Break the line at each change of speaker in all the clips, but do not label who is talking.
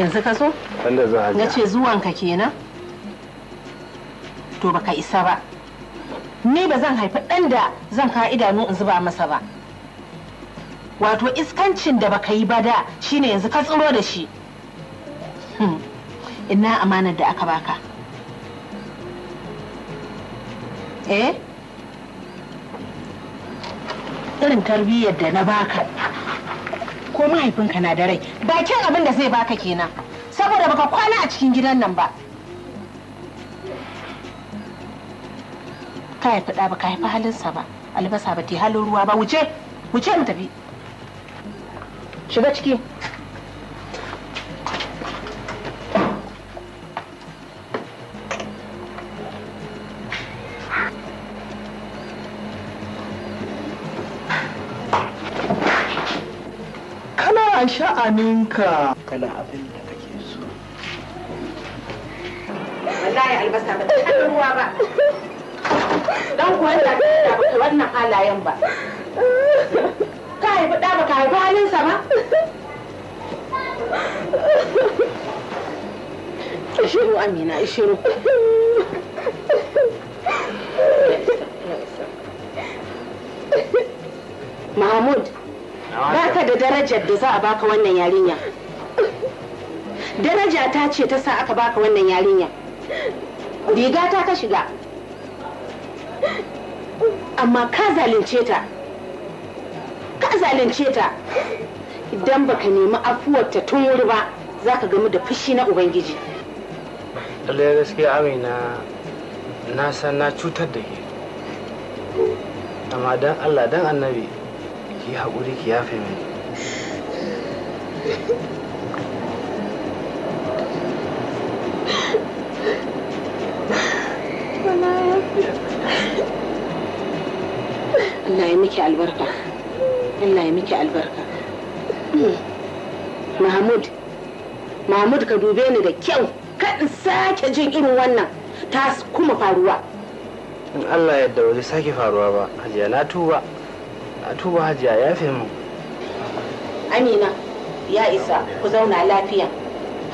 yanzu ka zo?
Wanda za a ce
zuwanka kenan? To baka isa ba. Ni ba zan haifi ɗan da zan ka idanu in zuba masa ba. Wato iskancin da baka yi ba da shine yanzu ka tsiro da shi. Hmm. Ina amanar da aka baka. Eh? Irin tarbiyyar da na baka. ko mahaifinka na da rai bakin abin da zai baka kenan saboda baka kwana a cikin gidan nan ba ka haifi ɗa ka haifi halinsa ba albasa ba ta halin ruwa ba wuce wuce mu tafi shiga ciki
tsakaninka kana abin da kake so
wallahi albasa ba ta ruwa
ba
don kuwa da
ta ba wannan halayen ba ka haifi ba ka haifi halinsa ba ishiru amina ishiru mahmud kara da darajar da za a baka wannan yarinya daraja ta ce ta sa aka baka wannan yarinya riga ta ka shiga amma ka zalunce ta ka zalunce ta idan baka nemi afuwarta tun wuri ba za ka gamu da fushi na ubangiji
lallai gaskiya amina na san na cutar da ke amma don allah don annabi ki haƙuri ki yafe mini Allah
ya miki albarka.
Allah ya miki albarka. Mahmud, Mahmud ka dube ni da kyau, in sake jin irin wannan ta kuma faruwa.
In Allah yadda ba zai sake faruwa ba, Hajiya na tuba. Na tuba
Hajiya ya fi mu.
Amina. ya isa ku zauna lafiya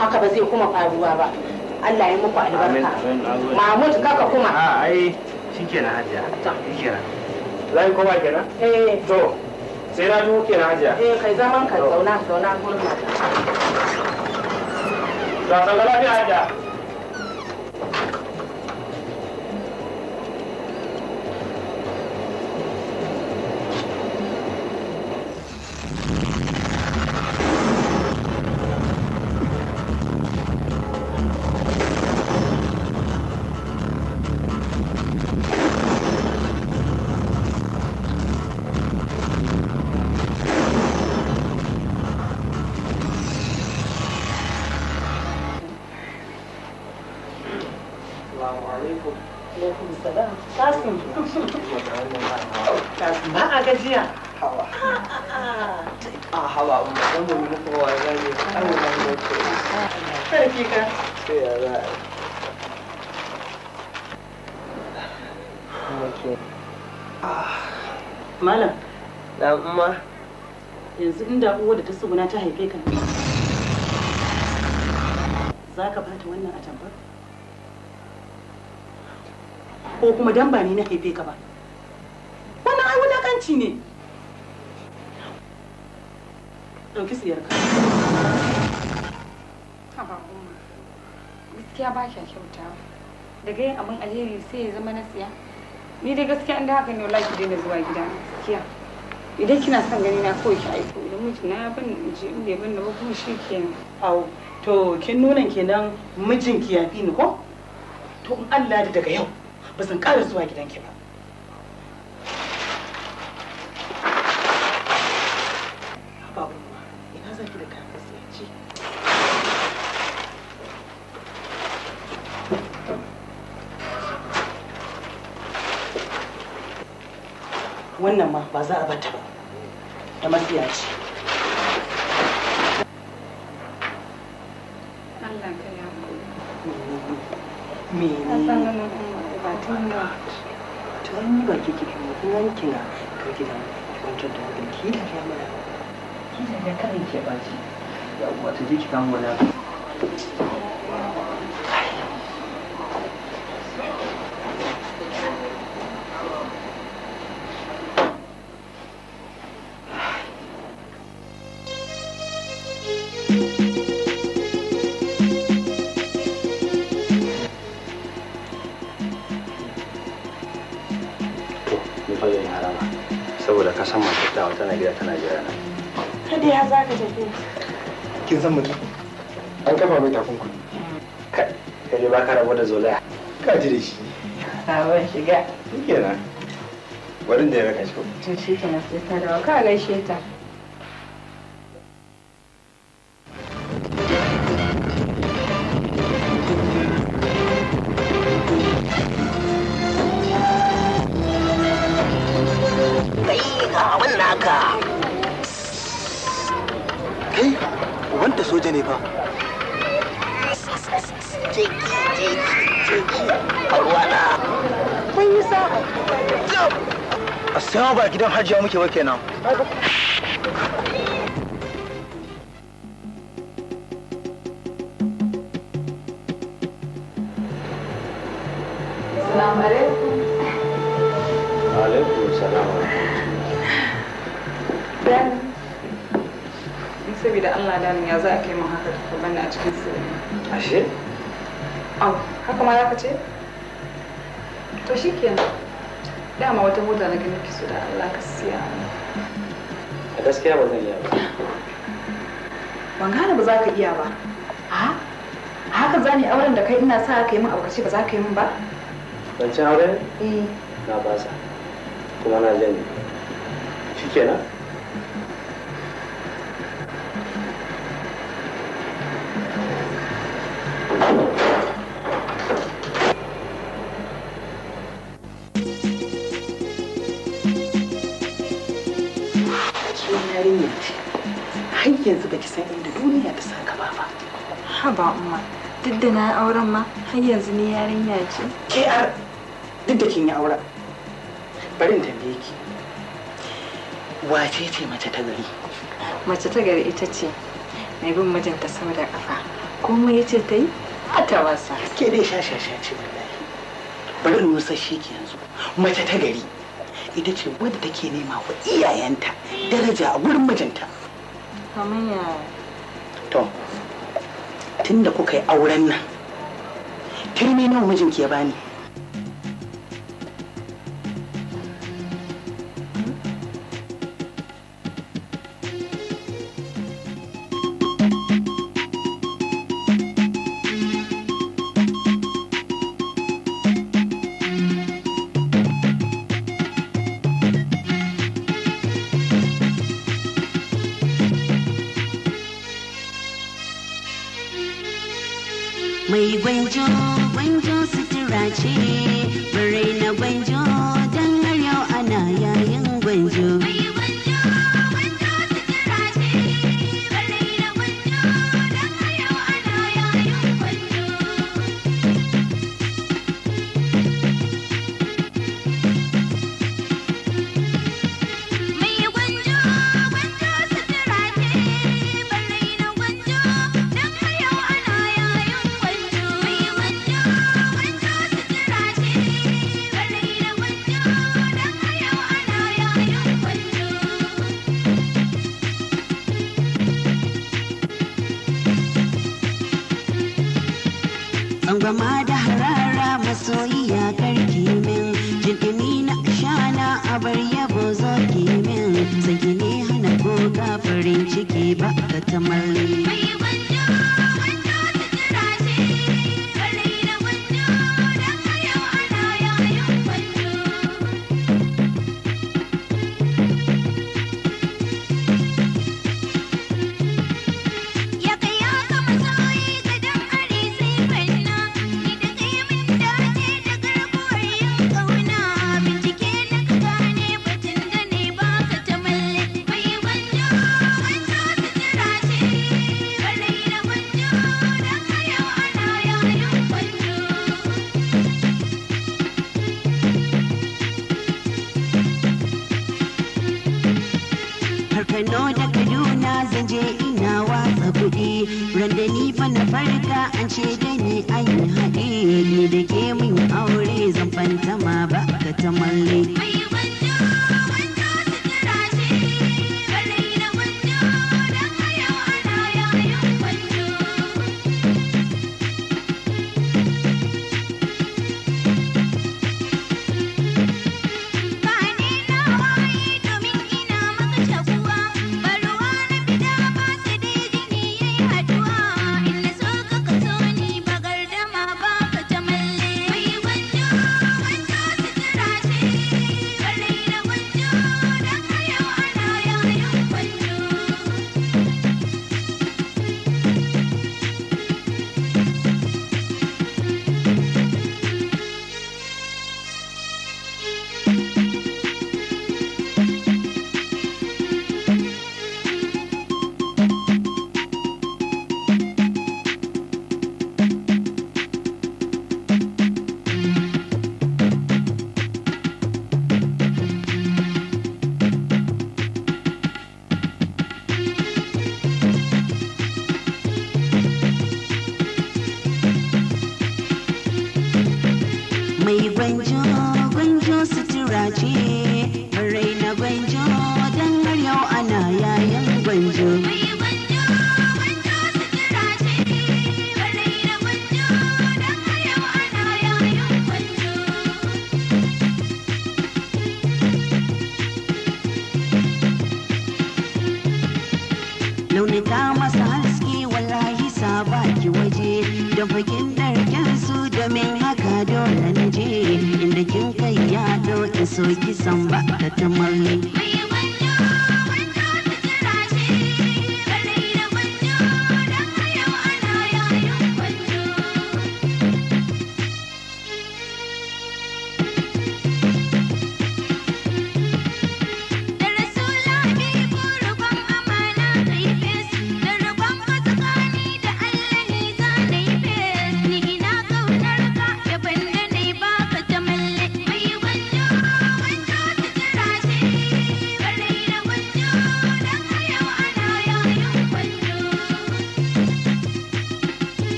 haka ba zai kuma faruwa ba Allah ya muku albarka
Mahmud kaka kuma a ah, ai shikenan hajiya shikenan zai koma kenan eh to
sai na duke na hajiya eh kai zaman ka zauna zauna kuma ta ta lafiya hajiya ke ah, malam da umma yanzu inda uwa da ta tsuguna ta haife ka za ka bata wannan atamfar ko kuma dan ba ni na haife ka ba wannan ai wulakanci ne ɗauki siyarka
haba umma gaskiya ba kya kyauta daga yin abin alheri sai ya zama na siya ni dai gaskiya inda haka ne wallahi ki daina zuwa gida gaskiya idan kina son gani na ko ki aiko idan mijina ya ban in je in ya ban na ba kuma shi ke awo
to kin nuna kenan mijinki ya fi ni ko to in Allah da daga yau ba zan ƙara zuwa gidanki ba ba za a bata ba da matsiya ce Allah ya me ne ba tun da tun ba kike kuma kun kwantar da
hankali ki da ya mana ki da ya kare ke ba ci yawwa to je ki kawo fa zan yi harama saboda ka san masu tawa tana gida tana jira na
kadi ya za ka tafi
kin san mutum an kafa mai takunkuli kai kai ba ka rabu da zolaya ka ji da shi
a ban shiga
kenan warin da ya raka shi
to shi na sai ta dawo ka gaishe ta
ajiya muke wa kenan
za ka iya ba a haka za ni auren da kai ina sa ka yi min aurace ba za ka yi min ba
zancen auren eh. na ba sa. kuma na janye shikenan
yanzu baki san inda duniya ta san gaba ba
haba umma duk da na yi auren ma har yanzu ni yarinya ce
ke eh, ar duk da kin yi auren bari in tambaye ki
wace ce mace ta gari mace ta gari ita ce mai bin mijinta sama da kafa komai ya ce ta yi a ta wasa ke dai sha sha sha ce wallahi
bari in nusa shi ke yanzu mace ta gari ita ce wadda take nema wa iyayenta daraja a gurin mijinta
kamar yaya
to tunda kuka yi auren nan turmi nawa mijinki ya bani
bama da harara masoyiya karki min jirgini na shana a bar yabo zo min sai ne hana ko farin ciki ba ka tamalli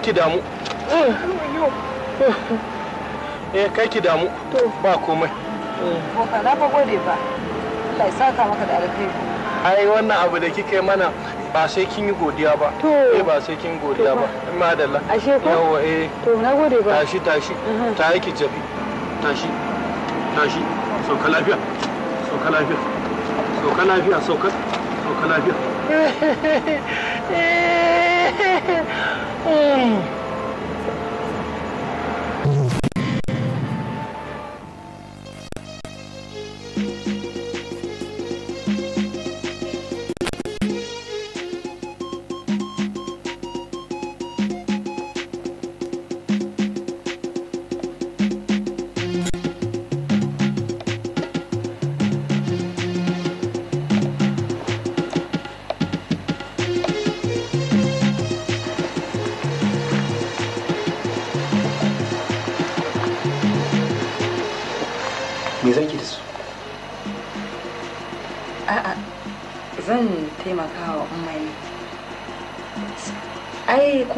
kai ki
damu
eh kai ki damu ba komai
ko ka na gode ba Allah ya saka maka da alkhairi
ai wannan abu da
kike mana ba sai kin yi godiya ba eh ba sai kin godiya ba da Allah. ashe ko yawa eh to na gode ba tashi tashi ta yake jafi tashi tashi So ka lafiya So ka lafiya So ka lafiya so ka. So ka lafiya
Oh.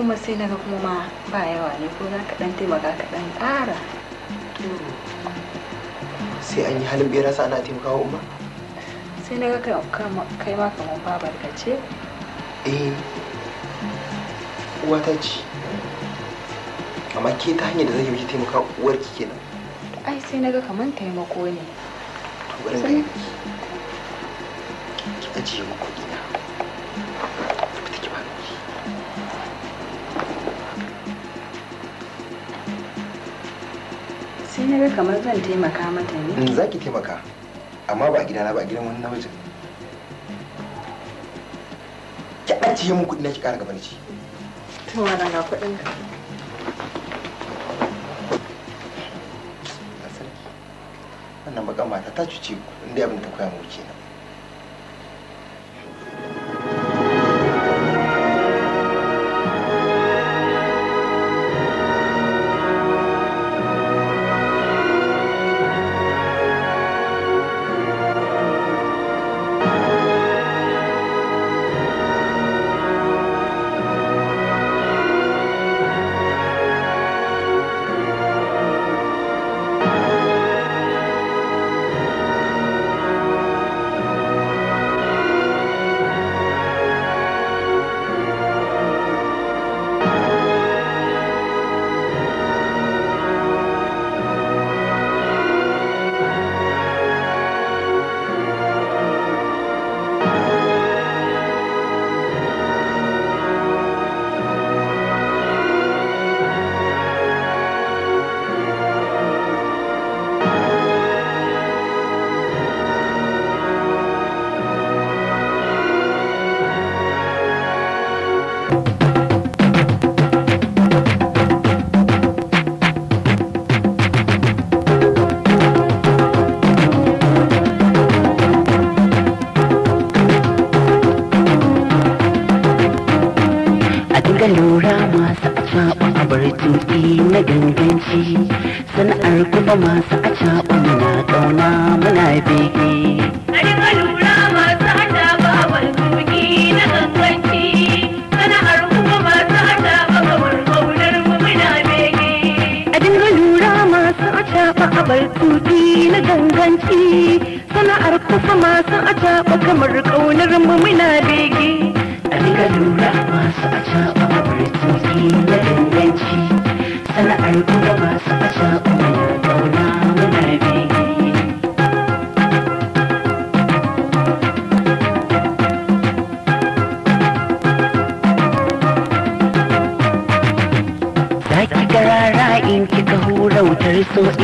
kuma sai na ga kuma ma ba yawa ne ko za ka dan taimaka ka dan ƙara
sai an yi halin bera sa ana wa umma
sai na ga kai ma kamar babar ka ce
eh ta ce amma ke ta hanyar da zai yi taimaka uwarki kenan
ai sai na ga kamar taimako ne to bari kamar zan taimaka mata ne mm, za
ki taimaka amma ba a gidana ba a gidan wani namijin ki ajiye mun kuɗi na ki ƙara gaba da ci
tun wa kuɗin ka
wannan bakan mata ta cuce ku inda abin ta koya mu kenan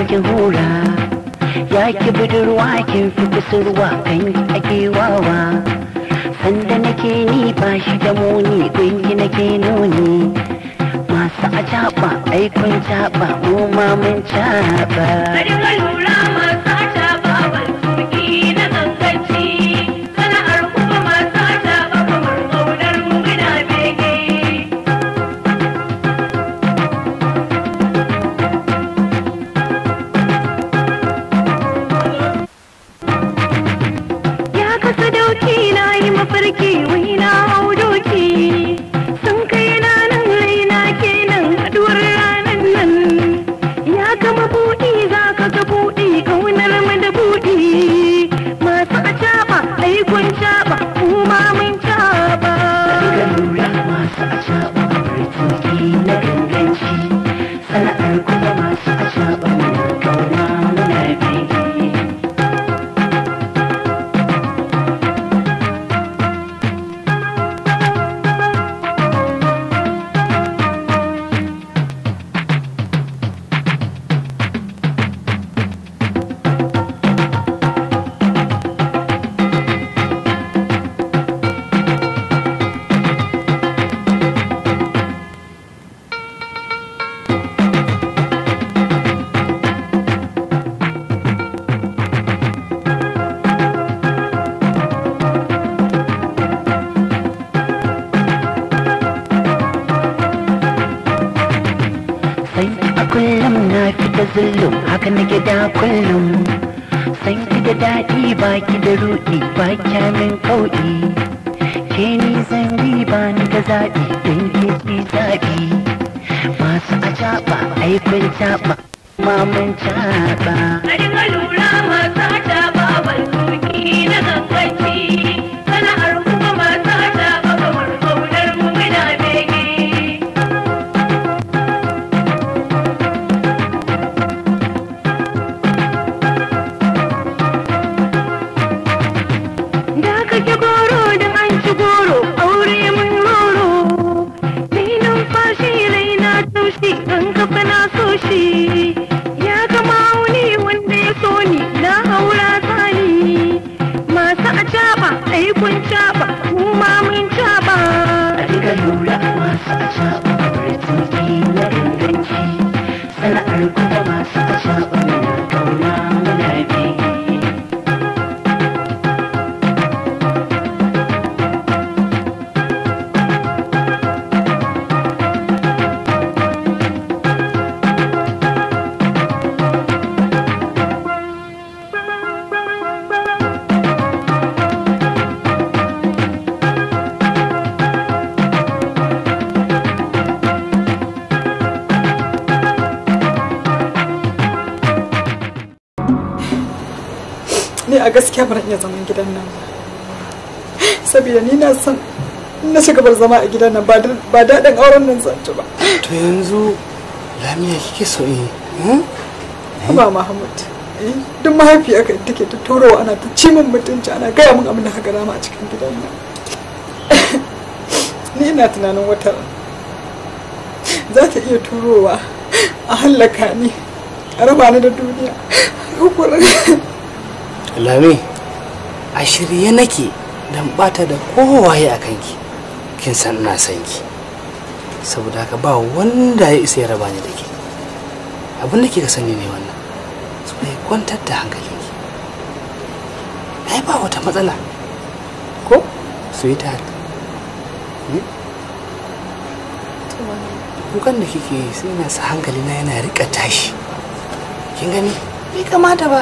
kin hura ya ki budurwa kin fi kusurwa kan ake wawa sanda nake ni ba shi da muni gungi nake nuni masu a caba aikun caɓa mu ma mun kullum haka na gida kullum san ki da daɗi baki da ruɗi ba kyamin kauɗi ke ni zan bi ba ni da zaɓi don ki zaɓi masu a caɓa aikun caɓa mamun caɓa
ni a gaskiya ban iya zaman gidan nan saboda ni na san na shiga bar zama a gidan nan ba daɗin auren nan zanci ba to
yanzu
lamiya kike so yi hmm? eh? ba mahmud eh, duk mahaifiya ka take ta ana ta ci mutunci ana gaya min abin da ka gama a cikin gidan nan ni ina tunanin wata za ta iya turowa a hallaka ni a raba ni da duniya lami a shirye nake don bata da kowaye
a kanki kin san ina san ki saboda haka ba wanda ya isa ya raba ni da ke abin da kika sani ne wannan su ne kwantar da hankalinki ai ba wata matsala ko sweetheart hmm? kukan da kike sai na sa hankali na yana rika tashi kin gani
bai kamata ba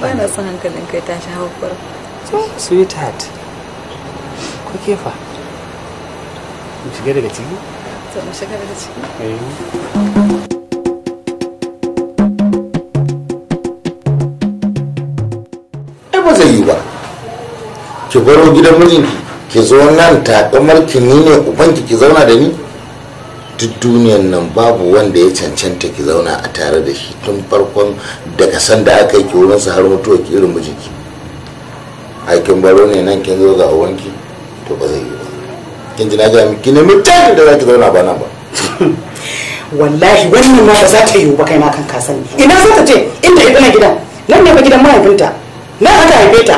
Bana son hankalin kai ta sha haukar sweetheart ko kefa
mu shiga
daga ciki
to mu shiga daga ciki
eh,
eh ba zai yi ba ki baro gidan mijinki ki zo nan takamar ki ni ne ubanki ki zauna da ni duk duniyan nan babu wanda ya cancanta ki zauna a tare da shi tun farkon daga san da aka yi ki su har mutuwa ki irin mijinki aikin baro ne nan kin zo ga uwanki to ba zai yi ba kin ji na ga miki ne mutum da za ki zauna ba nan ba
wallahi wannan ma ba za ta yiwu ba kai ma kan ka sani ina za ta je inda ya bana gidan nan ne ba gidan mahaifinta nan aka haife ta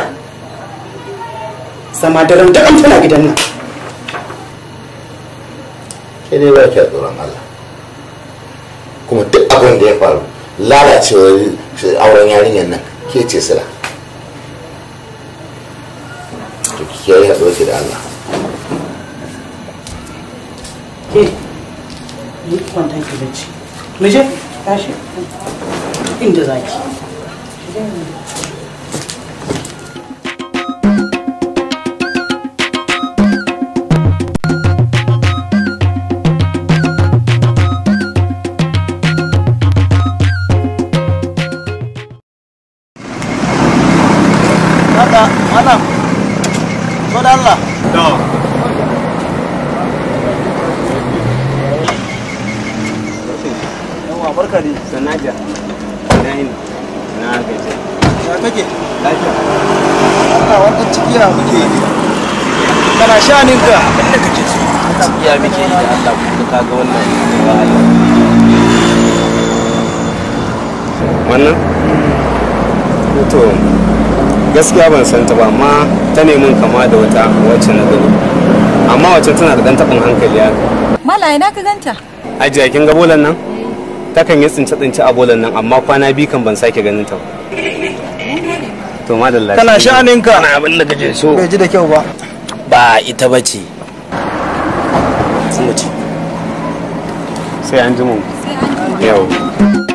sama daren da tana gidan nan sai dai ba kya tsoron Allah kuma duk abin da ya faru lalacewar auren yarinyar nan ke ce sila to ki yi haɗuwa ki da Allah
ke yi kwanta ki bacci mu je tashi inda zaki
godiya muke yi da
Allah kuma ka ga wannan ra'ayi wannan to gaskiya ban san ta ba amma ta nemin kama da wata wacce na gani amma wacce tana da dan tabin hankali ya
mala ina ka ganta
ajiya kin ga bolan nan ta kan yi tsince tsince a bolan nan
amma kwana bi kan ban sake ganin ta ba to madalla kana sha'aninka kana
abin da kaje so bai ji da kyau ba ba ita bace
sai an ji mu yau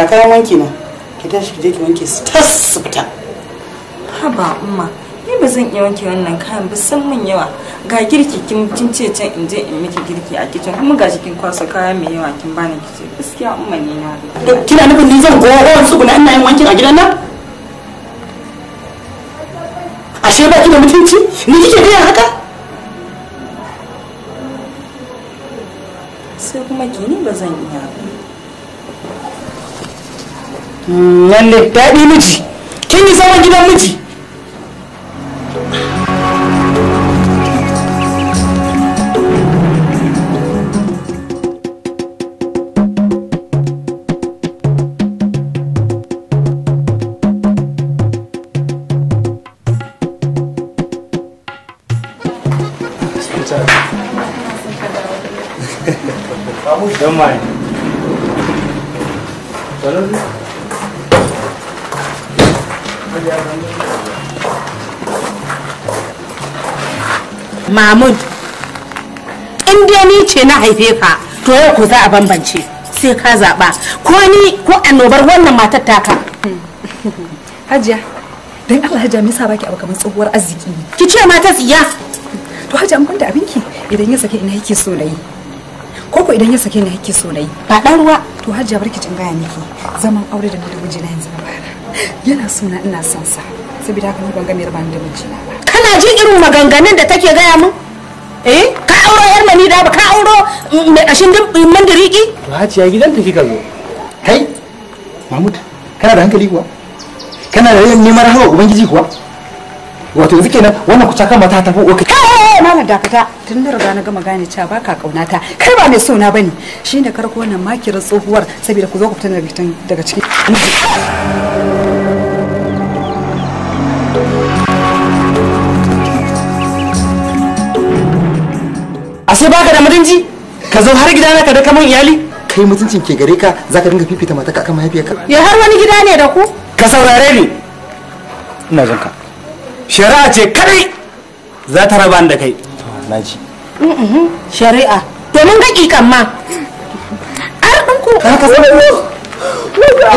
ga kayan wanki na ki tashi ki je ki wanke su tas su fita
haba umma ni ba zan iya wanke wannan kayan ba san mun yawa ga girki kin kin ce can in je in miki girki a kitchen kuma gashi kin kwasa kaya mai yawa kin bani ce gaskiya umma ne na da kina nufin ni zan gogo su guna ina yin wankin a
gidan nan ashe ba ki da mutunci ni kike gaya haka
sai kuma gini ba zan iya ba
lalle
daɗi miji kin yi zaman gidan miji
Mahmud, in dai ni ce na haife ka, to yau ku za a bambance sai ka zaɓa. Ko ni ko annobar wannan matar taka.
Hajiya, dan Allah Hajiya me yasa baki abu kamar tsohuwar arziki ne? Ki ce mata tsiya. To Hajiya an kwanta abinki idan ya sake ina yake so na ko Koko idan ya sake ina yake so na Ba dan ruwa. To Hajiya barki jin gaya miki zaman aure da na yanzu na bara. Yana so na ina son sa. Saboda haka ni ban ga mai rabani da na
ba. kana jin irin maganganun da take gaya mun eh ka auro yar mani da ba ka auro mai kashin mandiriki
to hajiya gidan ta kika zo kai mamut kana da hankali kuwa kana da yin neman hawa ubangiji kuwa wato yanzu kenan wannan kuca kan mata ta
fuko kai malam dakata tun da riga na gama gane cewa baka kaunata kai ba mai sona bane shine karko wannan makirar tsohuwar saboda ku zo ku fita daga cikin
sai baka da mutunci ka zo har gidana ka da kaman
iyali kai mutuncin ke gare ka zaka dinga fifita mata ka kan mahaifiyarka ya har wani gida ne da ku ka saurare ni ina jinka shari'a ce kadai za ta raba da kai naji
shari'a ga kikan ma ar ku ka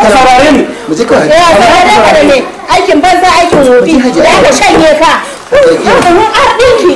saurare ni mu ji ka ka da ne aikin banza aikin wofi da ka shanye ka ar ɗinki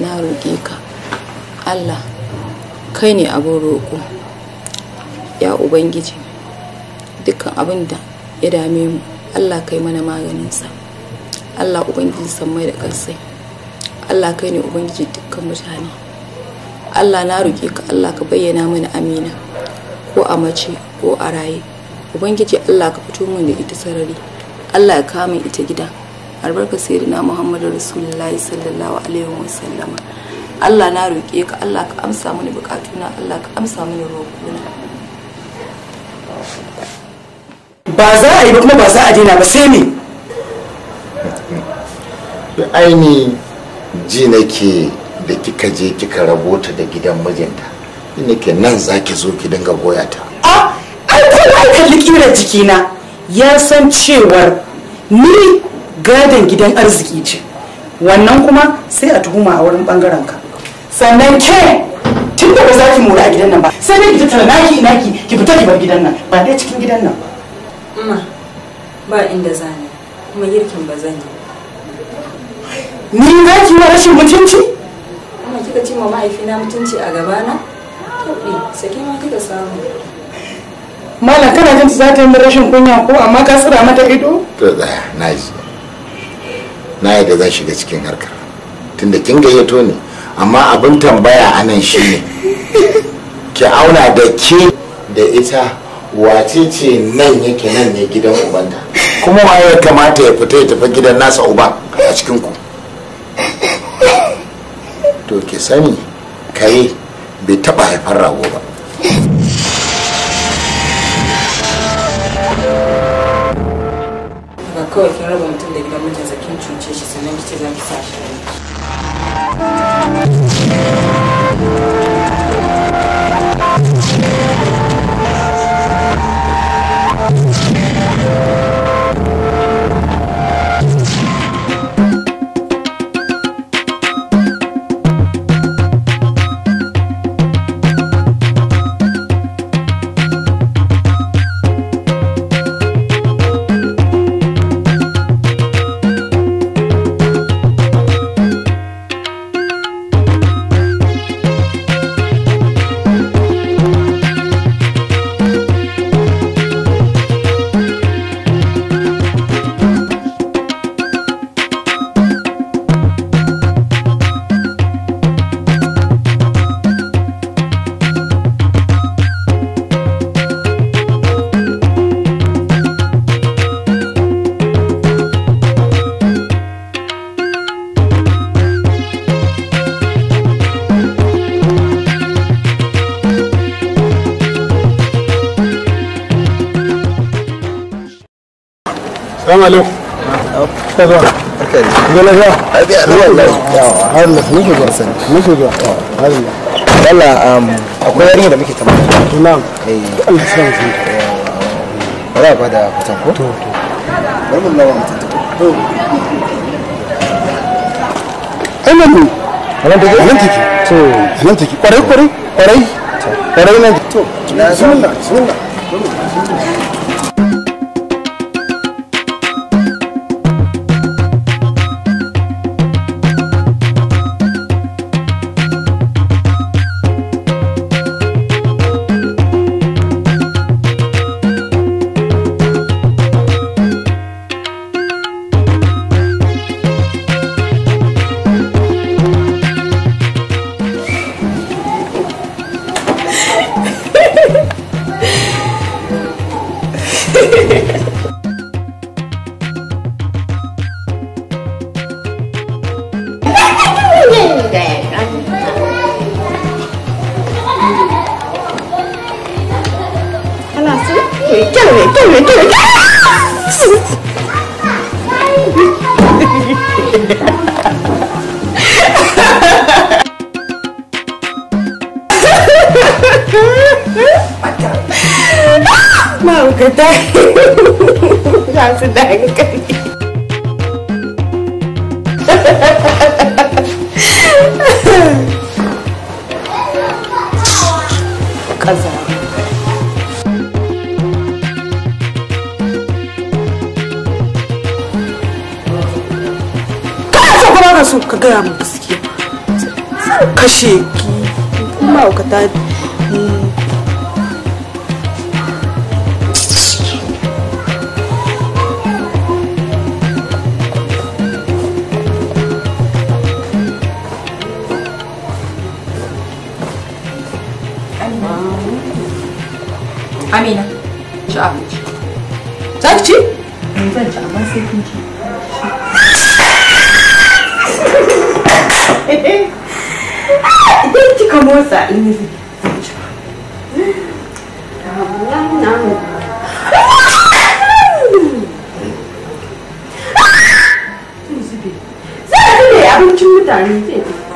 na roƙe ka allah kai ne abin roƙo ya ubangiji dukkan abin da ya dame mu allah kai mana maganinsa allah ubangiji mai da ƙarsai. allah kai ne ubangiji dukkan mutane allah na roƙe ka allah ka bayyana mana amina ko a mace ko a raye ubangiji allah ka fito min da ita sarari allah ya kama min ita gida albarka na muhammadu rasulullahi sallallahu alaihi sallama allah na roƙe ka allah ka amsa mini bukatuna allah ka amsa mini roƙona
ba za a yi ba kuma ba za a daina ba sai me aini ji nake da kika je kika rabota da gidan mijinta ke nan zaki zo ki dinga goya ta
a ai ko na kalli jikina ya san cewar ni gadon gidan arziki ce wannan kuma sai a tuhuma a wurin bangaren ka sannan ke tun da ba za ki mora a gidan nan ba sai dai ki tara naki naki ki fita
ki bar gidan nan ba dai cikin gidan nan
ba ba inda za ni kuma girkin ba zan yi
ni za ki yi rashin mutunci
amma kika ce ma mahaifina mutunci a gaba na? taɓi sake ma kika samu
mala kana jin za ta yi rashin kunya ko amma ka tsira mata ido
to da na ji na yadda zan shiga cikin harkar tunda kin gayyato ne amma abin tambaya a anan ne ki auna da ke da ita wace ce nan yake nan ne gidan ubanta kuma waye ya kamata ya fita ya tafi gidan nasa uba a cikin ku to ki sani kai bai taba haifar rago ba
kawai kin raba
mutum da gidan cuce shi sannan ki ce sa
salamu alaikum kaza ga
lafiya da muke tambaya na'am eh Allah
Amina, ci abinci. Za ki ci? Zan ci amma sai kin ci.
Idan kika motsa in
yi abincin mutane zai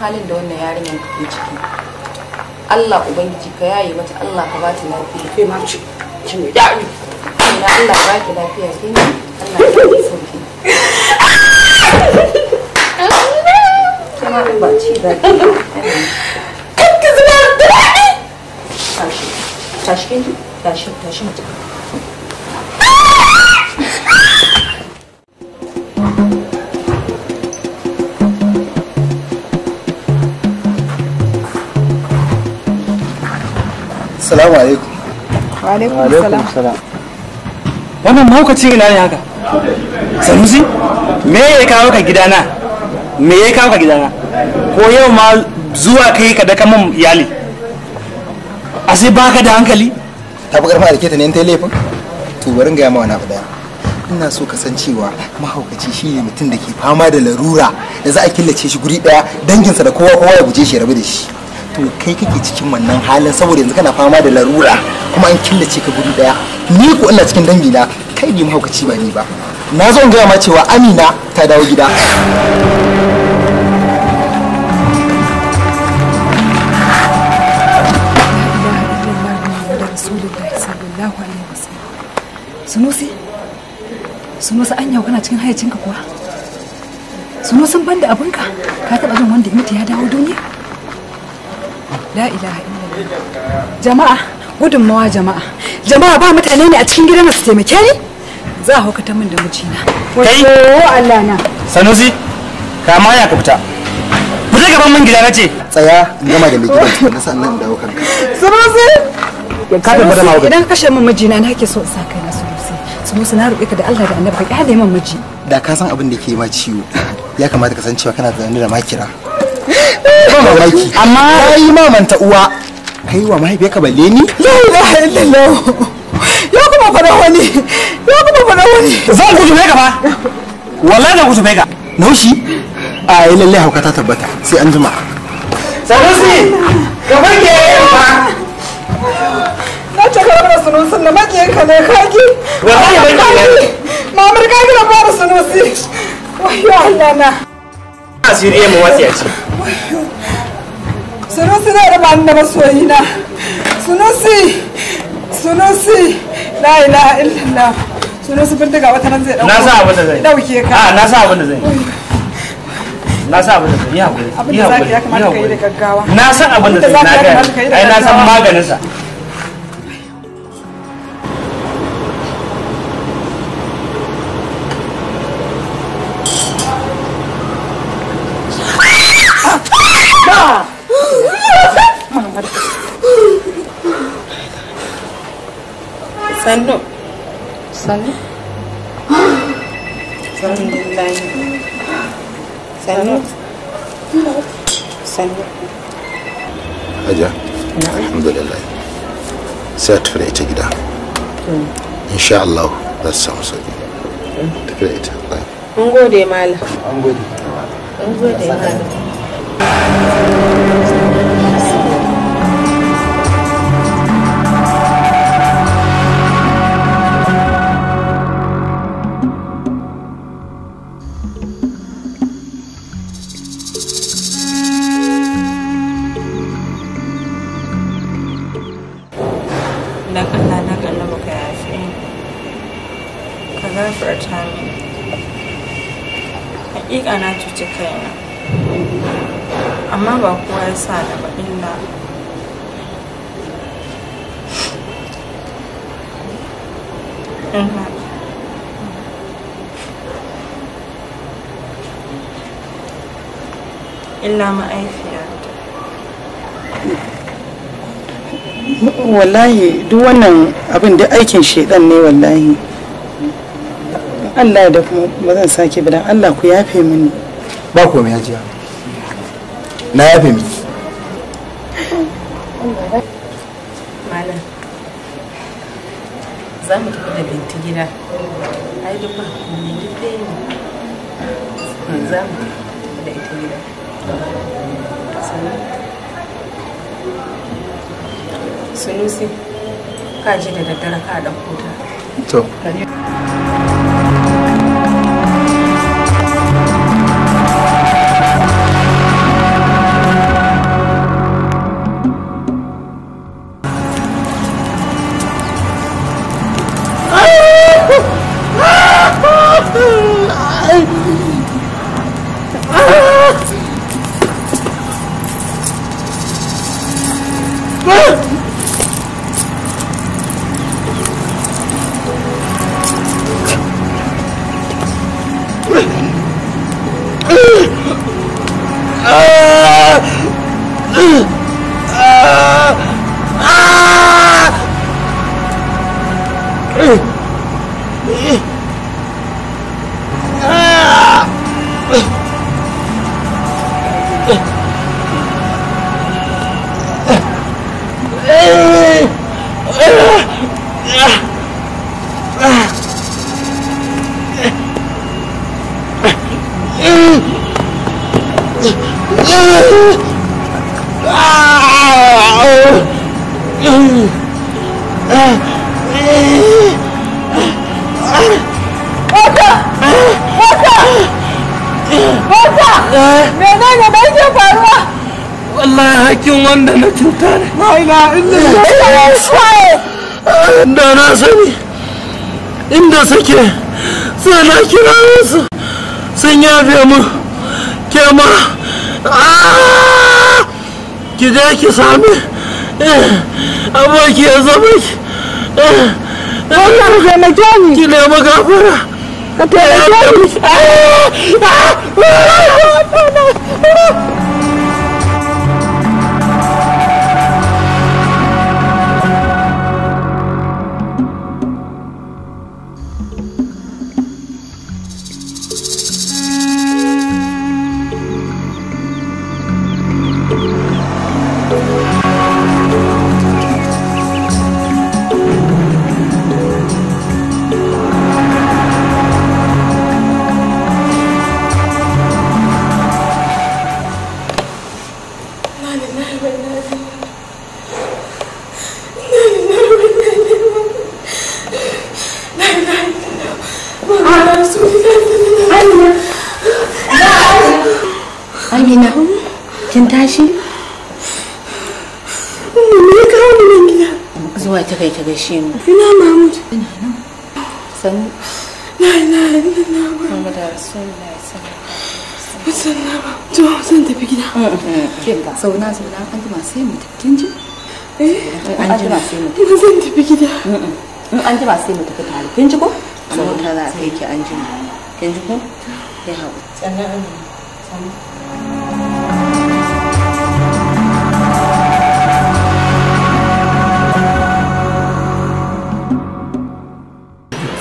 halin da wannan yarinyar ke ciki Allah ubangiji ka yaye mata Allah ka ba ta lafiya ke ma ci ci mai dadi ina Allah ba ki lafiya ke ni Allah ya ba ki sauki kuma ba ci ba ki zuwa da
tashi tashi tashi tashi
Assalamu alaikum. Wa alaikum salam. Wannan mahaukaci ina ne haka? Sanusi? Me ya kawo ka gidana? Me ya kawo ka gidana? Ko yau ma zuwa kai ka daka min iyali? A sai baka da hankali? Ta fi karfin alketa ne ta laifin? To bari gaya ma wani abu daya. ina so kasancewa mahaukaci shi ne mutum da ke fama da larura da za a killace shi guri daya danginsa da kowa kowa ya guje shi ya rabu da shi to kai kake cikin wannan halin saboda yanzu kana fama da larura kuma an killace ka guri daya ni ko ina cikin dangi na kai ni mahaukaci ba ni ba na zo in gaya ma cewa amina ta dawo gida
sunusi sunusi an yau kana cikin hayacinka kuwa sunusin banda abinka ka taba jin wanda ya mutu ya dawo duniya la ilaha illallah jama'a gudunmawa jama'a jama'a ba mutane ne a cikin gidan su taimake ni za a hukata min da mijina kai Allah na
sanusi ka ma ya ka fita
je gaban min gida nace tsaya in gama da mai gidan nan sannan dawo ka sanusi ka tafi da mawa idan
kashe min mijina na ke so sa kai na sanusi sanusi na roƙe ka da Allah da annabi ka kyale min miji
da ka san abin da ke ma ciwo ya kamata ka san cewa kana da da makira
ba mamaki
amma yayi mamanta uwa kai wa mahaifiyar balle ni la ilaha
illallah ya kuma fara wani ya kuma fara wani zan gudu ka fa wallahi zan gudu ka
naushi a yi eh, lallai hauka ta tabbata sai an jima
sanusi
ka bage ba
na ta karɓar sanusi na maƙiyin ka ne kaki wallahi ban kaki mamar kaki na fara sanusi wayo Allah na asiri mu wasiya ce sunusi zai da ni da masoyina sunusi sunusi la ilaha illallah sunusi ga wata nan zai dauko na sa abin da zai dauke ka a na sa abin
da zai na sa abin da zai ah, yi hakuri abin da zaka ya kamata ka yi da
gaggawa na san abin da zai na ga ai na san maganin sa
Sandu. Sandu.
Sandu. Sandu. Sandu.
Aja. Alhamdulillah. Set for da ita Inshallah, that sounds good. Great.
I'm good. da ita.
An gode malam. An gode. An
cuci kaina
amma ba kowa ya sa da ba illa
illa ma'aifiyarta
wallahi
duk wannan abin da aikin shaidan ne wallahi Allah da
kuma ba zan sake bidan Allah ku yafe mini ba komai hajiya
na ya fi miki
malam za mu tafi da binti gida ai duk ba komai duk
dai
ne
za mu tafi da ita gida sunusi
ka ji da daddare ka ɗauko ta to
Boom! Mota! Mota! Mota! me ne bai ke faruwa?
Wallahi hakin wanda na cuta ne. Maila inda ya shaye. Da na sani inda suke sai na kira
su sun yafe mu ke ma
ki je ki sami abokiyar zama ki
Allah ka taimake ni ki ne magafara ka ah! taimake ah! ah! ni
kashe mu ina mahmud ina nan to zan tafi gida eh, eh,
eh. an jima sai mu
tafi ji eh an jima sai mu tafi zan
tafi gida an jima sai mu tafi tare kin ji ko za ki an jima
kin ji ko
ya sannan an sannan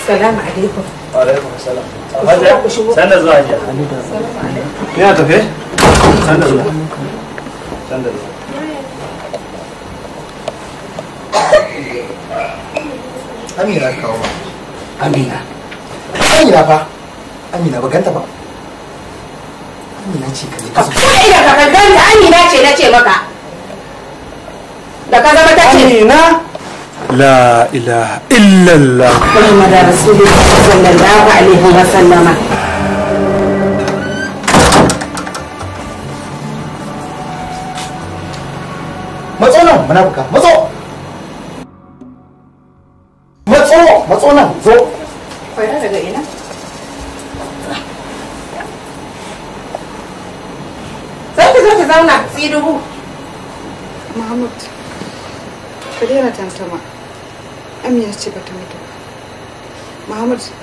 Salamu alaikum. Wa
alaikum salam. Sanda zuwa jiya. Kina tafe? Sanda zuwa.
Amina kawo ba. Amina. Amina fa. Amina ba ganta ba. Amina ce ka je ka zo.
Kuma ina ka ganta
Amina ce na ce maka. Da ka zama ta ce. Amina.
la ilaha illallah
muhammadu rasulullahi sallallahu alaihi wa sallama
matso nan munafuka matso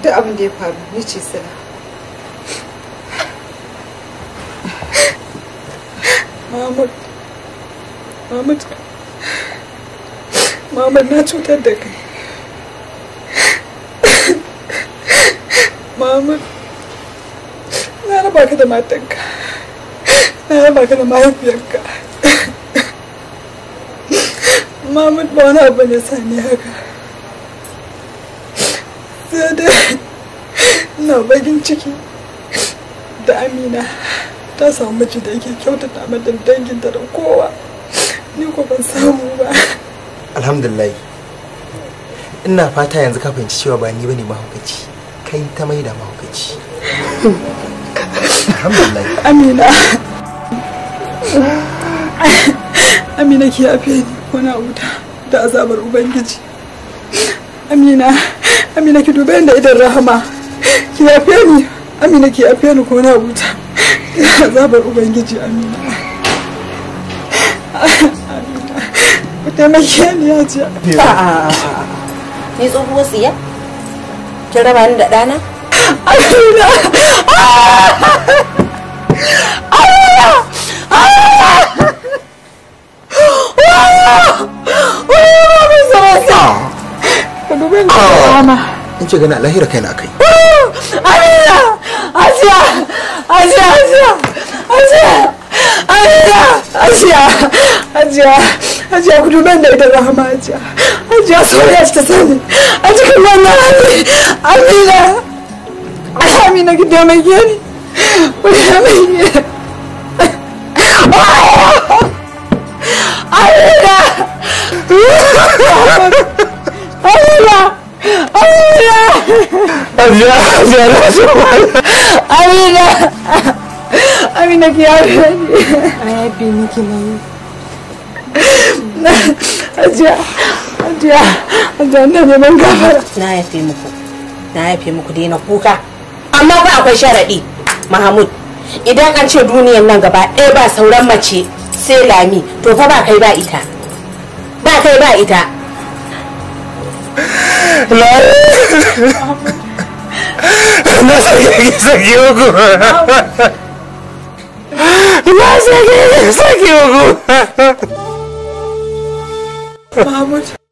duk abin da ya faru ni ce sila
Mahmud Mahmud Mahmud na cutar da kai Mahmud na raba ka da matanka na raba ka da mahaifiyarka Mahmud ba wani abu ne sani haka ina bakin ciki da amina ta samu miji da yake kyautata mata danginta da kowa ni ko ban samu ba
alhamdulillah ina fata yanzu ka fahimci cewa ba ni bane mahaukaci kai ta maida mahaukaci
alhamdulillah
amina amina ki yafe ni wani da azabar ubangiji amina amina ki dube da idan rahama ki yafe ni amina ki yafe ni ko na huta azabar ubangiji amina ku taimake ni ya ji
ni tsohuwar tsiya ki raba ni da ɗana amina
amina amina Oh, ka dube ni
in ce gani alahira kai na kai
amina asiya asiya asiya asiya asiya
asiya asiya asiya ku dube da ita rahama asiya asiya sauri ta sani
a cikin amina
amina mai taimake
amina Amina! ki yafe ni.
Na yafe muku, daina kuka. Amma ba akwai sharaɗi, Mahmud. Idan an ce duniyan nan gaba ɗaya ba sauran mace sai lami to fa ba kai ba ita. Ba kai ba ita.
No, no sabía que se equivocó. No sabía que se